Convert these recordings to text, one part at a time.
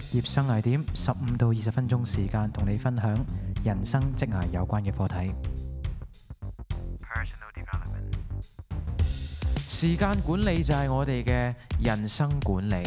職業生涯點，十五到二十分鐘時間，同你分享人生職涯有關嘅課題。時間管理就係我哋嘅人生管理。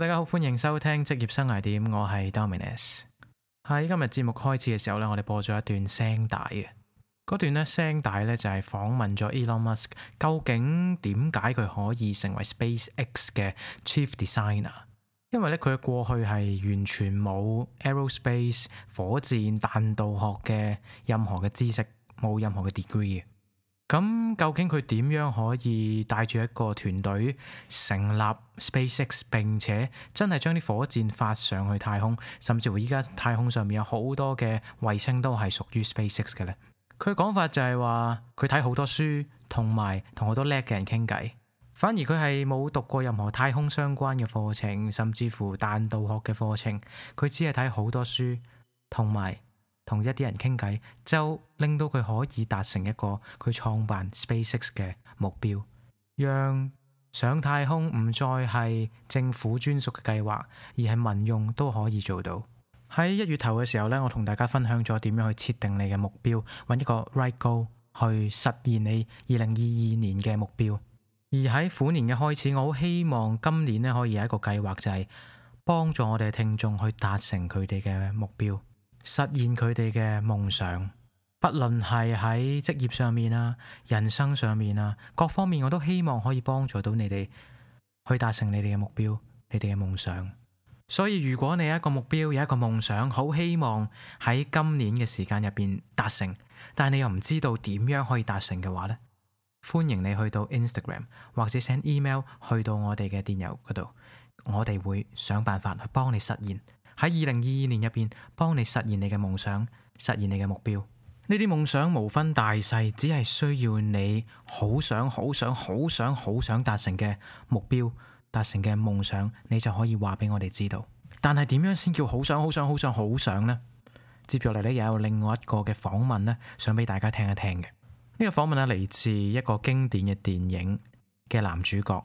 大家好，歡迎收聽職業生涯點。我係 Dominus 喺今日節目開始嘅時候咧，我哋播咗一段聲帶嘅嗰段咧，聲帶咧就係訪問咗 Elon Musk，究竟點解佢可以成為 SpaceX 嘅 Chief Designer？因為咧佢嘅過去係完全冇 Aerospace 火箭彈道學嘅任何嘅知識，冇任何嘅 degree 嘅。咁究竟佢點樣可以帶住一個團隊成立 SpaceX，並且真係將啲火箭發上去太空，甚至乎依家太空上面有好多嘅衛星都係屬於 SpaceX 嘅呢？佢講法就係話佢睇好多書，同埋同好多叻嘅人傾偈，反而佢係冇讀過任何太空相關嘅課程，甚至乎彈道學嘅課程，佢只係睇好多書同埋。同一啲人傾偈，就令到佢可以達成一個佢創辦 SpaceX 嘅目標，讓上太空唔再係政府專屬嘅計劃，而係民用都可以做到。喺一月頭嘅時候呢，我同大家分享咗點樣去設定你嘅目標，揾一個 right goal 去實現你二零二二年嘅目標。而喺虎年嘅開始，我好希望今年呢，可以有一個計劃，就係、是、幫助我哋嘅聽眾去達成佢哋嘅目標。實現佢哋嘅夢想，不論係喺職業上面啊、人生上面啊，各方面，我都希望可以幫助到你哋去達成你哋嘅目標、你哋嘅夢想。所以，如果你有一個目標、有一個夢想，好希望喺今年嘅時間入邊達成，但係你又唔知道點樣可以達成嘅話呢？歡迎你去到 Instagram 或者 send email 去到我哋嘅電郵嗰度，我哋會想辦法去幫你實現。喺二零二二年入邊，幫你實現你嘅夢想，實現你嘅目標。呢啲夢想無分大細，只係需要你好想、好想、好想、好想達成嘅目標，達成嘅夢想，你就可以話俾我哋知道。但係點樣先叫好想、好想、好想、好想呢？接住落嚟呢，又有另外一個嘅訪問呢，想俾大家聽一聽嘅。呢個訪問啊，嚟自一個經典嘅電影嘅男主角。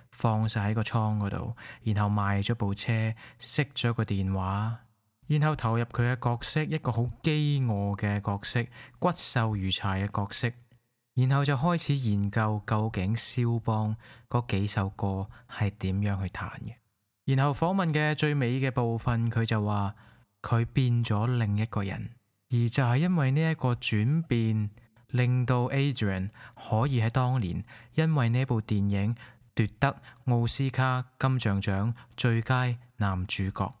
放曬喺個倉嗰度，然後賣咗部車，熄咗個電話，然後投入佢嘅角色，一個好飢餓嘅角色，骨瘦如柴嘅角色，然後就開始研究究竟肖邦嗰幾首歌係點樣去彈嘅。然後訪問嘅最尾嘅部分，佢就話佢變咗另一個人，而就係因為呢一個轉變，令到 Adrian 可以喺當年因為呢部電影。奪得奧斯卡金像獎最佳男主角，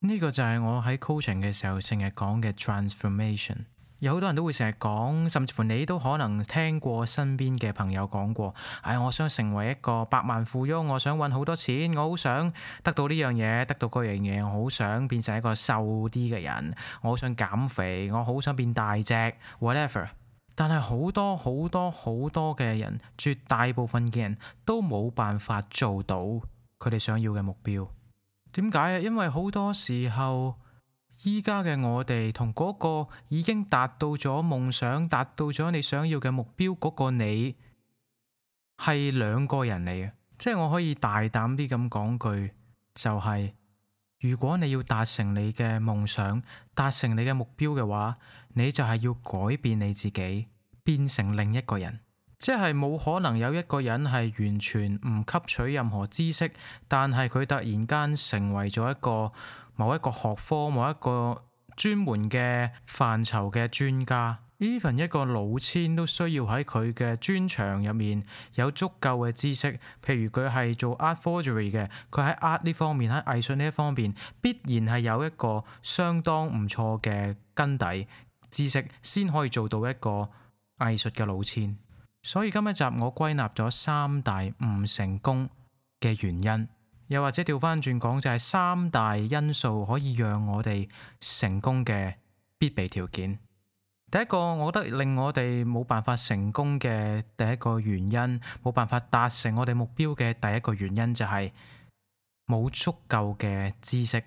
呢個就係我喺 coaching 嘅時候成日講嘅 transformation。有好多人都會成日講，甚至乎你都可能聽過身邊嘅朋友講過。唉、哎，我想成為一個百萬富翁，我想搵好多錢，我好想得到呢樣嘢，得到嗰樣嘢，我好想變成一個瘦啲嘅人，我好想減肥，我好想變大隻，whatever。但係好多好多好多嘅人，絕大部分嘅人都冇辦法做到佢哋想要嘅目標。點解啊？因為好多時候，依家嘅我哋同嗰個已經達到咗夢想、達到咗你想要嘅目標嗰個你，係兩個人嚟嘅。即係我可以大膽啲咁講句，就係如果你要達成你嘅夢想、達成你嘅目標嘅話。你就係要改變你自己，變成另一個人，即係冇可能有一個人係完全唔吸取任何知識，但係佢突然間成為咗一個某一個學科、某一個專門嘅範疇嘅專家。Even 一個老千都需要喺佢嘅專長入面有足夠嘅知識，譬如佢係做 art forgery 嘅，佢喺 art 呢方面喺藝術呢一方面，必然係有一個相當唔錯嘅根底。知識先可以做到一個藝術嘅老千。所以今一集我歸納咗三大唔成功嘅原因，又或者調翻轉講就係三大因素可以讓我哋成功嘅必備條件。第一個，我覺得令我哋冇辦法成功嘅第一個原因，冇辦法達成我哋目標嘅第一個原因就係冇足夠嘅知識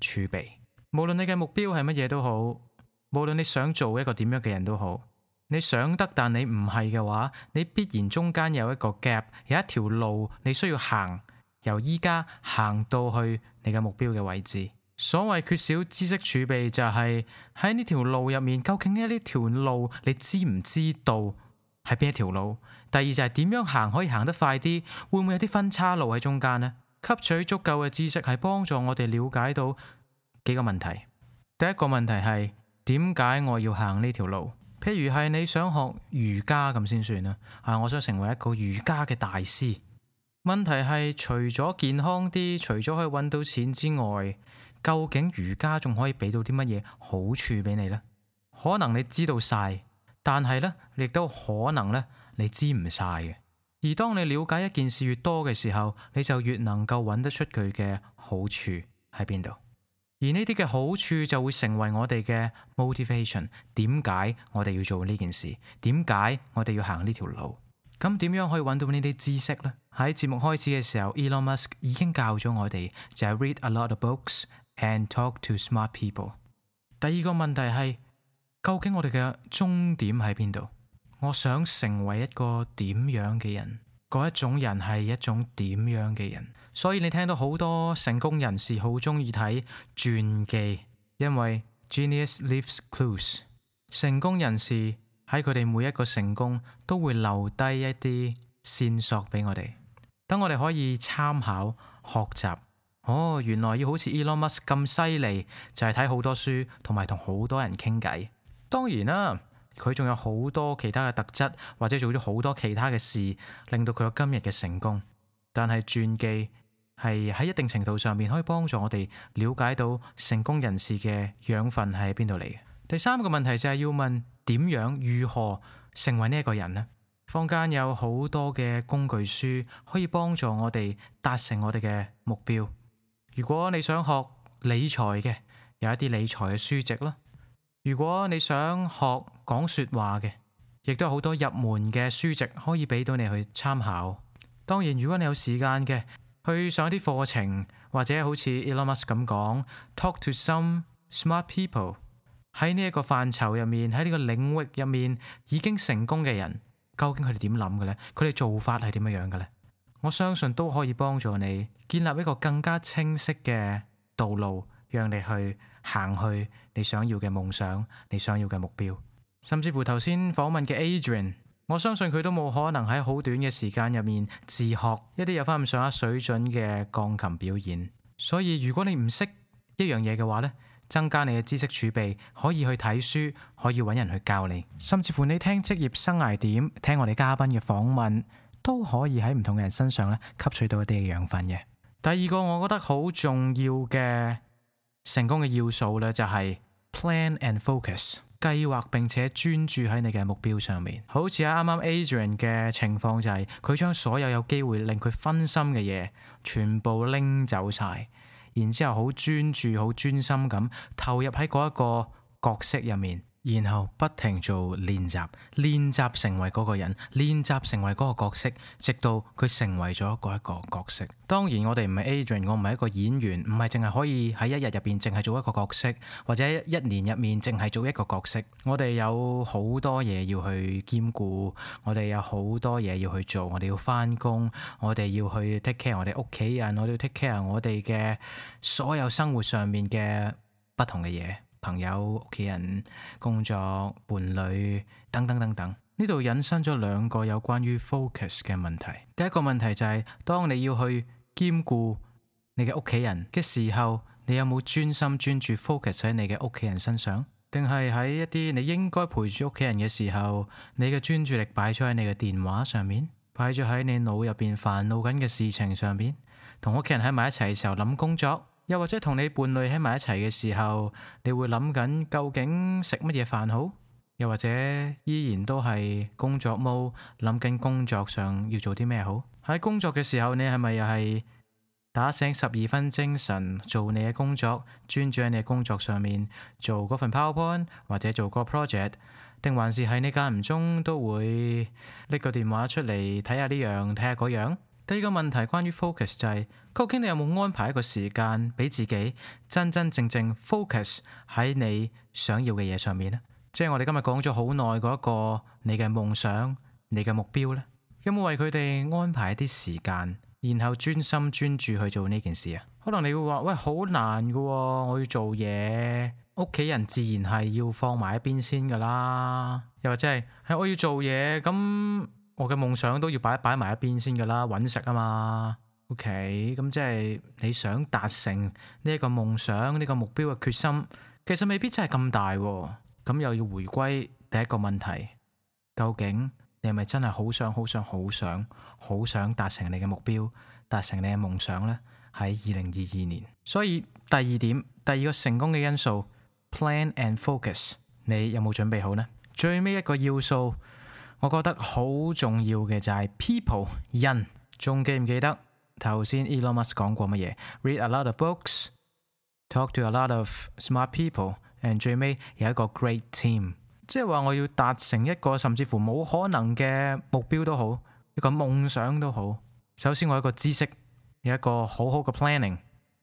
儲備。無論你嘅目標係乜嘢都好。無論你想做一個點樣嘅人都好，你想得，但你唔係嘅話，你必然中間有一個 gap，有一條路你需要行，由依家行到去你嘅目標嘅位置。所謂缺少知識儲備，就是，就係喺呢條路入面，究竟呢呢條路你知唔知道係邊一條路？第二就係點樣行可以行得快啲？會唔會有啲分岔路喺中間呢？吸取足夠嘅知識係幫助我哋了解到幾個問題。第一個問題係。點解我要行呢條路？譬如係你想學瑜伽咁先算啦。啊，我想成為一個瑜伽嘅大師。問題係除咗健康啲，除咗可以揾到錢之外，究竟瑜伽仲可以俾到啲乜嘢好處俾你呢？可能你知道晒，但係呢亦都可能呢你知唔晒嘅。而當你了解一件事越多嘅時候，你就越能夠揾得出佢嘅好處喺邊度。而呢啲嘅好處就會成為我哋嘅 motivation，點解我哋要做呢件事？點解我哋要行呢條路？咁點樣可以揾到呢啲知識呢？喺節目開始嘅時候，Elon Musk 已經教咗我哋就係，read a lot of books and talk to smart people。第二個問題係，究竟我哋嘅終點喺邊度？我想成為一個點樣嘅人？嗰一種人係一種點樣嘅人？所以你聽到好多成功人士好鍾意睇傳記，因為 genius leaves clues。成功人士喺佢哋每一個成功都會留低一啲線索俾我哋，等我哋可以參考學習。哦，原來要好似 Elon Musk 咁犀利，就係睇好多書同埋同好多人傾偈。當然啦，佢仲有好多其他嘅特質，或者做咗好多其他嘅事，令到佢有今日嘅成功。但係傳記。係喺一定程度上面，可以幫助我哋了解到成功人士嘅養分係喺邊度嚟。第三個問題就係要問點樣如何成為呢一個人呢？坊間有好多嘅工具書可以幫助我哋達成我哋嘅目標。如果你想學理財嘅，有一啲理財嘅書籍咯；如果你想學講說話嘅，亦都有好多入門嘅書籍可以俾到你去參考。當然，如果你有時間嘅。去上一啲課程，或者好似 Elon Musk 咁講，talk to some smart people。喺呢一個範疇入面，喺呢個領域入面已經成功嘅人，究竟佢哋點諗嘅呢？佢哋做法係點樣嘅呢？我相信都可以幫助你建立一個更加清晰嘅道路，讓你去行去你想要嘅夢想、你想要嘅目標，甚至乎頭先訪問嘅 Adrian。我相信佢都冇可能喺好短嘅時間入面自學一啲有翻咁上下水準嘅鋼琴表演。所以如果你唔識一樣嘢嘅話咧，增加你嘅知識儲備，可以去睇書，可以揾人去教你，甚至乎你聽職業生涯點，聽我哋嘉賓嘅訪問，都可以喺唔同嘅人身上咧吸取到一啲嘅養分嘅。第二個我覺得好重要嘅成功嘅要素咧，就係。Plan and Focus，計劃並且專注喺你嘅目標上面，好似啱啱 Adrian 嘅情況就係，佢將所有有機會令佢分心嘅嘢，全部拎走晒，然之後好專注、好專心咁，投入喺嗰一個角色入面。然後不停做練習，練習成為嗰個人，練習成為嗰個角色，直到佢成為咗嗰一個角色。當然我哋唔係 agent，我唔係一個演員，唔係淨係可以喺一日入邊淨係做一個角色，或者一年入面淨係做一個角色。我哋有好多嘢要去兼顧，我哋有好多嘢要去做，我哋要翻工，我哋要去 take care 我哋屋企人，我哋要 take care 我哋嘅所有生活上面嘅不同嘅嘢。朋友、屋企人、工作、伴侶等等等等，呢度引申咗兩個有關於 focus 嘅問題。第一個問題就係，當你要去兼顧你嘅屋企人嘅時候，你有冇專心專注 focus 喺你嘅屋企人身上？定係喺一啲你應該陪住屋企人嘅時候，你嘅專注力擺咗喺你嘅電話上面，擺咗喺你腦入邊煩惱緊嘅事情上面，同屋企人喺埋一齊嘅時候諗工作？又或者同你伴侶喺埋一齊嘅時候，你會諗緊究竟食乜嘢飯好？又或者依然都係工作 mode，諗緊工作上要做啲咩好？喺工作嘅時候，你係咪又係打醒十二分精神做你嘅工作，專注喺你嘅工作上面做嗰份 PowerPoint 或者做個 project，定還是喺你間唔中都會拎個電話出嚟睇下呢樣睇下嗰樣？看看第二個問題關於 focus 就係，究竟你有冇安排一個時間俾自己真真正正 focus 喺你想要嘅嘢上面呢？即係我哋今日講咗好耐嗰一個你嘅夢想、你嘅目標呢，有冇為佢哋安排一啲時間，然後專心專注去做呢件事啊？可能你會話，喂，好難噶喎，我要做嘢，屋企人自然係要放埋一邊先噶啦，又或者係，係我要做嘢咁。我嘅夢想都要擺一擺埋一邊先噶啦，揾食啊嘛，OK？咁即係你想達成呢個夢想呢個目標嘅決心，其實未必真係咁大。咁又要回歸第一個問題，究竟你係咪真係好想好想好想好想達成你嘅目標，達成你嘅夢想呢？喺二零二二年，所以第二點，第二個成功嘅因素，plan and focus，你有冇準備好呢？最尾一個要素。我覺得好重要嘅就係 people 人，仲記唔記得頭先 Elon Musk 講過乜嘢？Read a lot of books，talk to a lot of smart people，and 最尾有一個 great team。即係話我要達成一個甚至乎冇可能嘅目標都好，一個夢想都好。首先我有一個知識，有一個好好嘅 planning，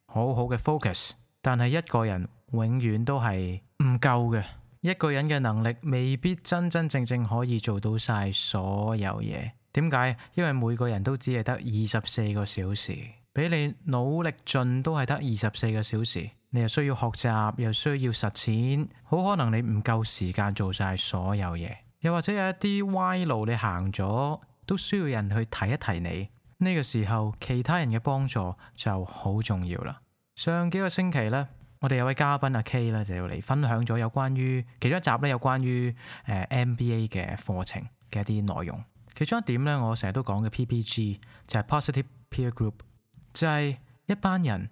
好好嘅 focus。但係一個人永遠都係唔夠嘅。一個人嘅能力未必真真正正可以做到晒所有嘢，點解？因為每個人都只係得二十四個小時，俾你努力盡都係得二十四個小時。你又需要學習，又需要實踐，好可能你唔夠時間做晒所有嘢。又或者有一啲歪路你行咗，都需要人去提一提你。呢個時候，其他人嘅幫助就好重要啦。上幾個星期咧。我哋有位嘉賓阿 K 咧，就要嚟分享咗有關於其中一集咧，有關於誒 MBA 嘅課程嘅一啲內容。其中一點咧，我成日都講嘅 PPG 就係 positive peer group，就係一班人，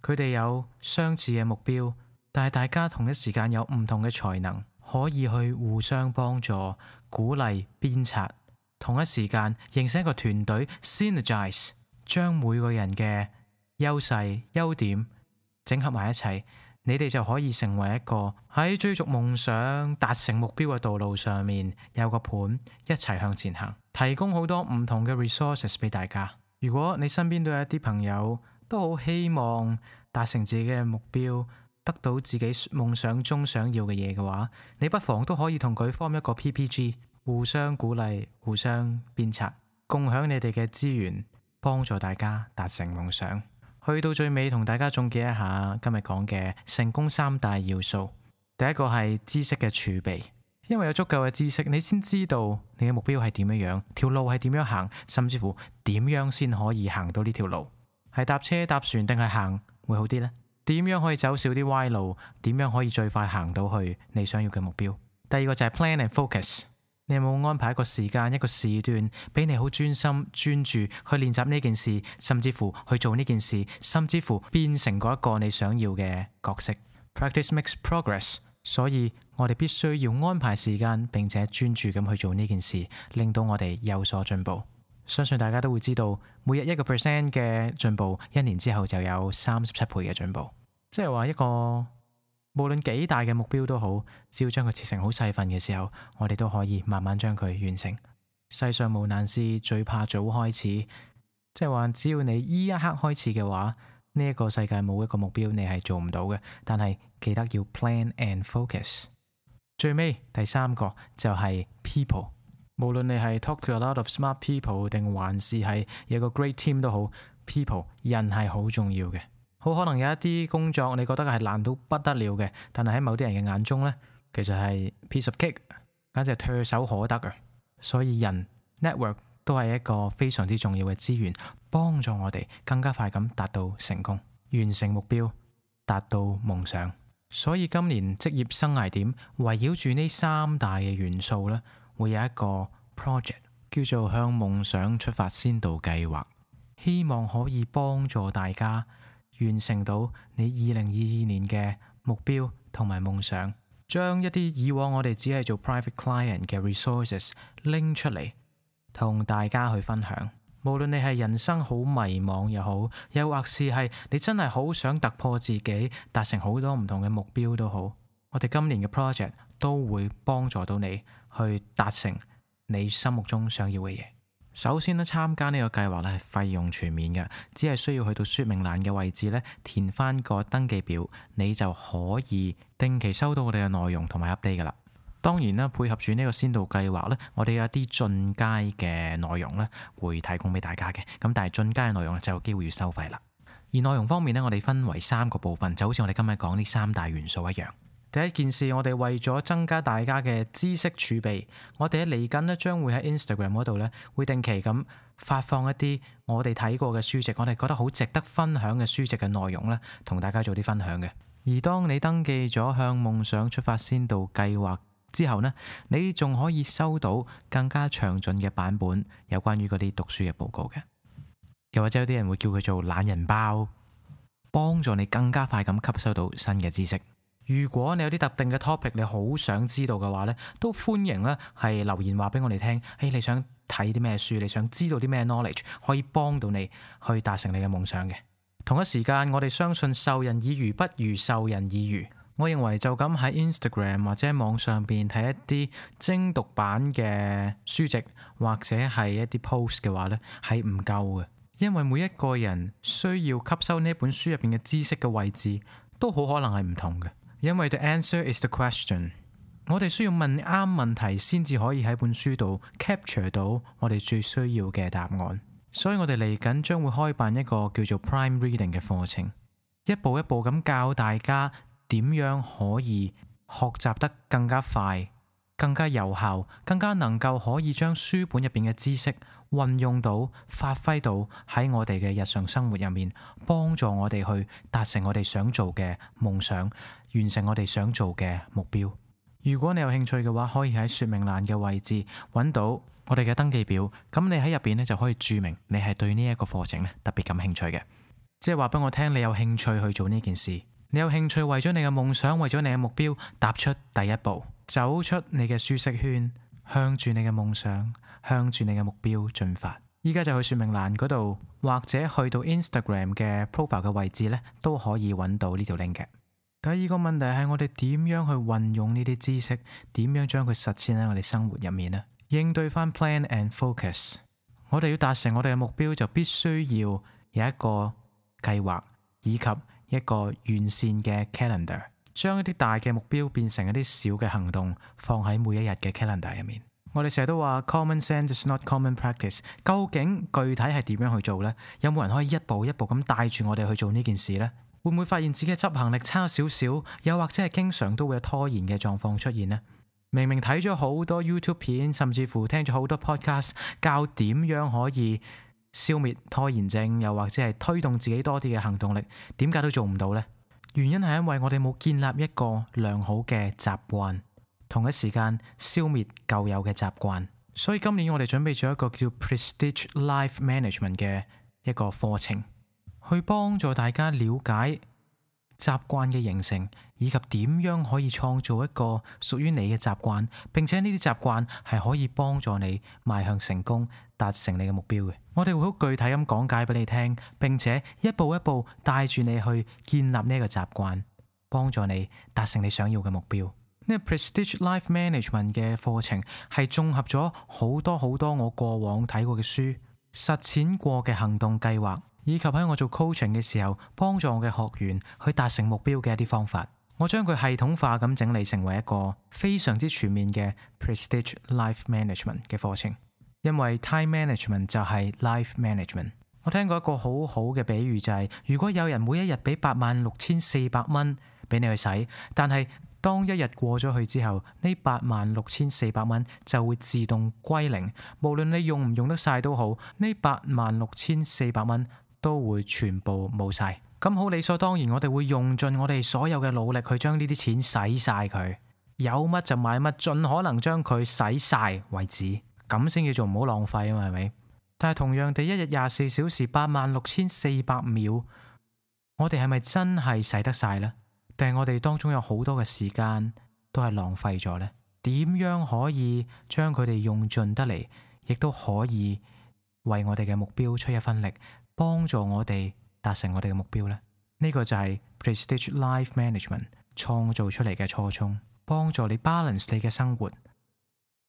佢哋有相似嘅目標，但係大家同一時間有唔同嘅才能，可以去互相幫助、鼓勵、鞭策，同一時間形成一個團隊 synergize，將每個人嘅優勢、優點。整合埋一齊，你哋就可以成為一個喺追逐夢想、達成目標嘅道路上面有個伴，一齊向前行。提供好多唔同嘅 resources 俾大家。如果你身邊都有一啲朋友都好希望達成自己嘅目標，得到自己夢想中想要嘅嘢嘅話，你不妨都可以同佢 form 一個 PPG，互相鼓勵、互相鞭策，共享你哋嘅資源，幫助大家達成夢想。去到最尾，同大家總結一下今日講嘅成功三大要素。第一個係知識嘅儲備，因為有足夠嘅知識，你先知道你嘅目標係點樣樣，條路係點樣行，甚至乎點樣先可以行到呢條路，係搭車搭船定係行會好啲呢？點樣可以走少啲歪路？點樣可以最快行到去你想要嘅目標？第二個就係 plan and focus。你有冇安排一個時間、一個時段，俾你好專心、專注去練習呢件事，甚至乎去做呢件事，甚至乎變成嗰一個你想要嘅角色？Practice makes progress，所以我哋必須要安排時間，並且專注咁去做呢件事，令到我哋有所進步。相信大家都會知道，每日一個 percent 嘅進步，一年之後就有三十七倍嘅進步，即係話一個。無論幾大嘅目標都好，只要將佢切成好細份嘅時候，我哋都可以慢慢將佢完成。世上無難事，最怕早開始。即係話，只要你依一刻開始嘅話，呢一個世界冇一個目標你係做唔到嘅。但係記得要 plan and focus。最尾第三個就係 people。無論你係 talk to a lot of smart people，定還是係有個 great team 都好，people 人係好重要嘅。好可能有一啲工作，你覺得係難到不得了嘅，但係喺某啲人嘅眼中咧，其實係 piece of cake，簡直係唾手可得啊，所以人 network 都係一個非常之重要嘅資源，幫助我哋更加快咁達到成功、完成目標、達到夢想。所以今年職業生涯點圍繞住呢三大嘅元素咧，會有一個 project 叫做向夢想出發先導計劃，希望可以幫助大家。完成到你二零二二年嘅目標同埋夢想，將一啲以往我哋只係做 private client 嘅 resources 拎出嚟，同大家去分享。無論你係人生好迷茫又好，又或是係你真係好想突破自己，達成好多唔同嘅目標都好，我哋今年嘅 project 都會幫助到你去達成你心目中想要嘅嘢。首先咧，參加呢個計劃咧，係費用全面嘅，只係需要去到説明欄嘅位置咧，填翻個登記表，你就可以定期收到我哋嘅內容同埋 update 噶啦。當然啦，配合住呢個先導計劃咧，我哋有啲進階嘅內容咧會提供俾大家嘅。咁但係進階嘅內容就有機會要收費啦。而內容方面咧，我哋分為三個部分，就好似我哋今日講呢三大元素一樣。第一件事，我哋為咗增加大家嘅知識儲備，我哋喺嚟緊咧，將會喺 Instagram 嗰度咧，會定期咁發放一啲我哋睇過嘅書籍，我哋覺得好值得分享嘅書籍嘅內容咧，同大家做啲分享嘅。而當你登記咗向夢想出發先導計劃之後呢，你仲可以收到更加詳盡嘅版本，有關於嗰啲讀書嘅報告嘅，又或者有啲人會叫佢做懶人包，幫助你更加快咁吸收到新嘅知識。如果你有啲特定嘅 topic，你好想知道嘅話咧，都歡迎咧係留言話俾我哋聽，誒、哎、你想睇啲咩書，你想知道啲咩 knowledge 可以幫到你去達成你嘅夢想嘅？同一時間，我哋相信授人以魚不如授人以漁，我認為就咁喺 Instagram 或者喺網上邊睇一啲精讀版嘅書籍或者係一啲 post 嘅話咧，係唔夠嘅。因為每一個人需要吸收呢本書入邊嘅知識嘅位置都好可能係唔同嘅。因為 the answer is the question，我哋需要問啱問題，先至可以喺本書度 capture 到我哋最需要嘅答案。所以我哋嚟緊將會開辦一個叫做 Prime Reading 嘅課程，一步一步咁教大家點樣可以學習得更加快、更加有效、更加能夠可以將書本入邊嘅知識運用到、發揮到喺我哋嘅日常生活入面，幫助我哋去達成我哋想做嘅夢想。完成我哋想做嘅目標。如果你有興趣嘅話，可以喺說明欄嘅位置揾到我哋嘅登記表。咁你喺入邊咧就可以注明你係對呢一個課程咧特別感興趣嘅，即係話俾我聽你有興趣去做呢件事。你有興趣為咗你嘅夢想，為咗你嘅目標踏出第一步，走出你嘅舒適圈，向住你嘅夢想，向住你嘅目標進發。依家就去說明欄嗰度，或者去到 Instagram 嘅 profile 嘅位置咧，都可以揾到呢條 link 嘅。第二個問題係我哋點樣去運用呢啲知識？點樣將佢實踐喺我哋生活入面呢？應對翻 plan and focus，我哋要達成我哋嘅目標，就必須要有一個計劃以及一個完善嘅 calendar，將一啲大嘅目標變成一啲小嘅行動，放喺每一日嘅 calendar 入面。我哋成日都話 common sense is not common practice，究竟具體係點樣去做呢？有冇人可以一步一步咁帶住我哋去做呢件事呢？會唔會發現自己嘅執行力差少少，又或者係經常都會有拖延嘅狀況出現呢？明明睇咗好多 YouTube 片，甚至乎聽咗好多 Podcast 教點樣可以消滅拖延症，又或者係推動自己多啲嘅行動力，點解都做唔到呢？原因係因為我哋冇建立一個良好嘅習慣，同一時間消滅舊有嘅習慣。所以今年我哋準備咗一個叫 Prestige Life Management 嘅一個課程。去幫助大家了解習慣嘅形成，以及點樣可以創造一個屬於你嘅習慣，並且呢啲習慣係可以幫助你邁向成功、達成你嘅目標嘅。我哋會好具體咁講解俾你聽，並且一步一步帶住你去建立呢個習慣，幫助你達成你想要嘅目標。呢個 Prestige Life Management 嘅課程係綜合咗好多好多我過往睇過嘅書。實踐過嘅行動計劃，以及喺我做 coaching 嘅時候，幫助我嘅學員去達成目標嘅一啲方法，我將佢系統化咁整理成為一個非常之全面嘅 prestige life management 嘅課程。因為 time management 就係 life management。我聽過一個好好嘅比喻就係、是，如果有人每一日俾八萬六千四百蚊，俾你去使，但係。當一日過咗去之後，呢八萬六千四百蚊就會自動歸零，無論你用唔用得晒都好，呢八萬六千四百蚊都會全部冇晒。咁好理所當然，我哋會用盡我哋所有嘅努力去將呢啲錢使晒佢，有乜就買乜，盡可能將佢使晒為止，咁先叫做唔好浪費啊嘛，係咪？但係同樣地，一日廿四小時八萬六千四百秒，我哋係咪真係使得晒呢？但係我哋當中有好多嘅時間都係浪費咗呢，點樣可以將佢哋用盡得嚟，亦都可以為我哋嘅目標出一分力，幫助我哋達成我哋嘅目標呢？呢個就係 Prestige Life Management 創造出嚟嘅初衷，幫助你 balance 你嘅生活，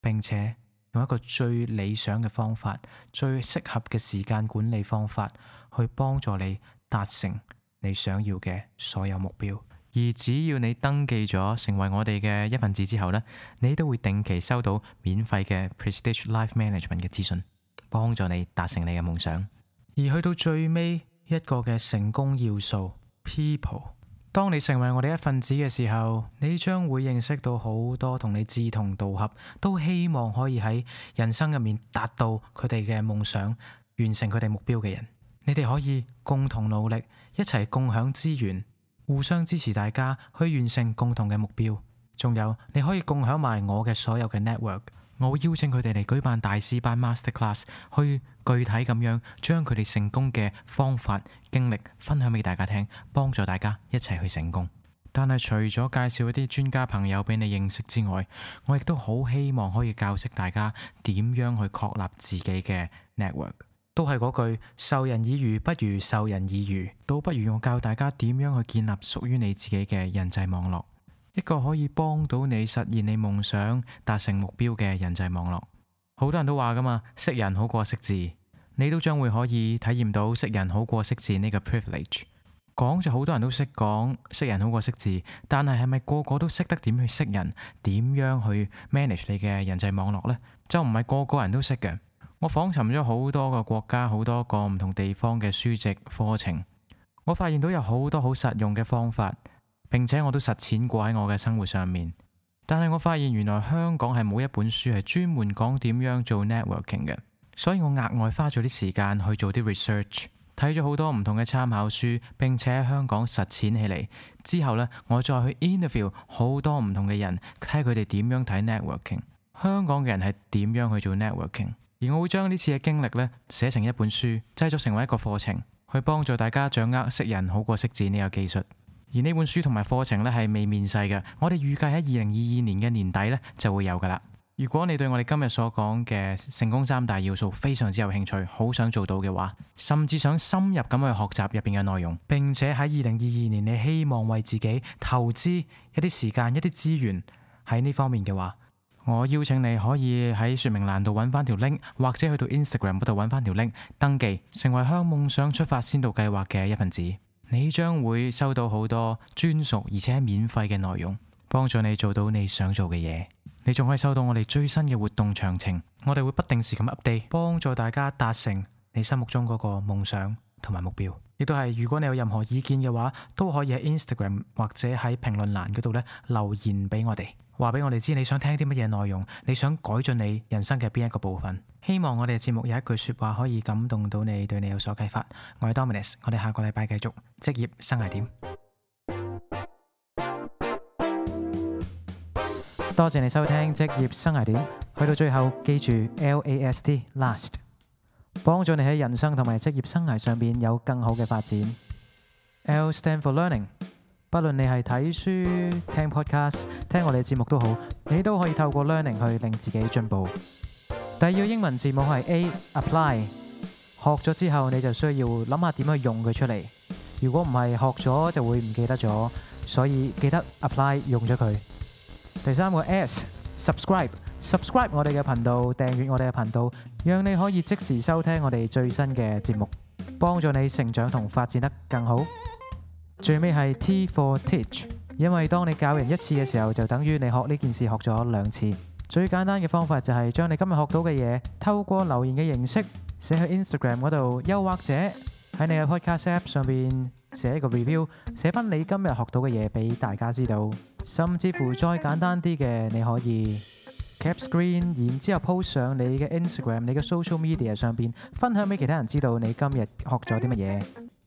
並且用一個最理想嘅方法、最適合嘅時間管理方法去幫助你達成你想要嘅所有目標。而只要你登記咗成為我哋嘅一份子之後呢，你都會定期收到免費嘅 Prestige Life Management 嘅資訊，幫助你達成你嘅夢想。而去到最尾一個嘅成功要素，People。當你成為我哋一份子嘅時候，你將會認識到好多同你志同道合，都希望可以喺人生入面達到佢哋嘅夢想，完成佢哋目標嘅人。你哋可以共同努力，一齊共享資源。互相支持大家去完成共同嘅目標。仲有，你可以共享埋我嘅所有嘅 network。我會邀請佢哋嚟舉辦大師班 master class，去具體咁樣將佢哋成功嘅方法、經歷分享俾大家聽，幫助大家一齊去成功。但係除咗介紹一啲專家朋友俾你認識之外，我亦都好希望可以教識大家點樣去確立自己嘅 network。都係嗰句，授人以魚不如授人以漁，倒不如我教大家點樣去建立屬於你自己嘅人際網絡，一個可以幫到你實現你夢想、達成目標嘅人際網絡。好多人都話噶嘛，識人好過識字，你都將會可以體驗到識人好過識字呢個 privilege。講就好多人都識講，識人好過識字，但係係咪個個都識得點去識人，點樣去 manage 你嘅人際網絡呢？就唔係個個人都識嘅。我訪尋咗好多個國家、好多個唔同地方嘅書籍課程，我發現到有好多好實用嘅方法，並且我都實踐過喺我嘅生活上面。但係我發現原來香港係冇一本書係專門講點樣做 networking 嘅，所以我額外花咗啲時間去做啲 research，睇咗好多唔同嘅參考書，並且喺香港實踐起嚟之後呢，我再去 interview 好多唔同嘅人，睇佢哋點樣睇 networking，香港嘅人係點樣去做 networking。而我會將呢次嘅經歷呢寫成一本書，製作成為一個課程，去幫助大家掌握識人好過識字呢個技術。而呢本書同埋課程呢係未面世嘅，我哋預計喺二零二二年嘅年底呢就會有噶啦。如果你對我哋今日所講嘅成功三大要素非常之有興趣，好想做到嘅話，甚至想深入咁去學習入邊嘅內容，並且喺二零二二年你希望為自己投資一啲時間、一啲資源喺呢方面嘅話，我邀請你可以喺說明欄度揾翻條 link，或者去到 Instagram 度揾翻條 link，登記成為向夢想出發先導計劃嘅一份子。你將會收到好多專屬而且免費嘅內容，幫助你做到你想做嘅嘢。你仲可以收到我哋最新嘅活動詳情，我哋會不定時咁 update，幫助大家達成你心目中嗰個夢想同埋目標。亦都係如果你有任何意見嘅話，都可以喺 Instagram 或者喺評論欄嗰度咧留言俾我哋。話俾我哋知你想聽啲乜嘢內容，你想改進你人生嘅邊一個部分？希望我哋嘅節目有一句說話可以感動到你，對你有所啟發。我係 Dominus，我哋下個禮拜繼續職業生涯點。多謝你收聽職業生涯點，去到最後記住 L A S T Last，幫助你喺人生同埋職業生涯上面有更好嘅發展。L stand for learning。不論你係睇書、聽 podcast、聽我哋嘅節目都好，你都可以透過 learning 去令自己進步。第二個英文字母係 A Apply，學咗之後你就需要諗下點去用佢出嚟。如果唔係學咗就會唔記得咗，所以記得 Apply 用咗佢。第三個 S Subscribe，Subscribe 我哋嘅頻道，訂閱我哋嘅頻道，讓你可以即時收聽我哋最新嘅節目，幫助你成長同發展得更好。最尾係 T for Teach，因為當你教人一次嘅時候，就等於你學呢件事學咗兩次。最簡單嘅方法就係將你今日學到嘅嘢，透過留言嘅形式寫去 Instagram 嗰度，又或者喺你嘅 Podcast App 上邊寫一個 Review，寫翻你今日學到嘅嘢俾大家知道。甚至乎再簡單啲嘅，你可以 cap screen，然之後 post 上你嘅 Instagram、你嘅 Social Media 上邊分享俾其他人知道你今日學咗啲乜嘢。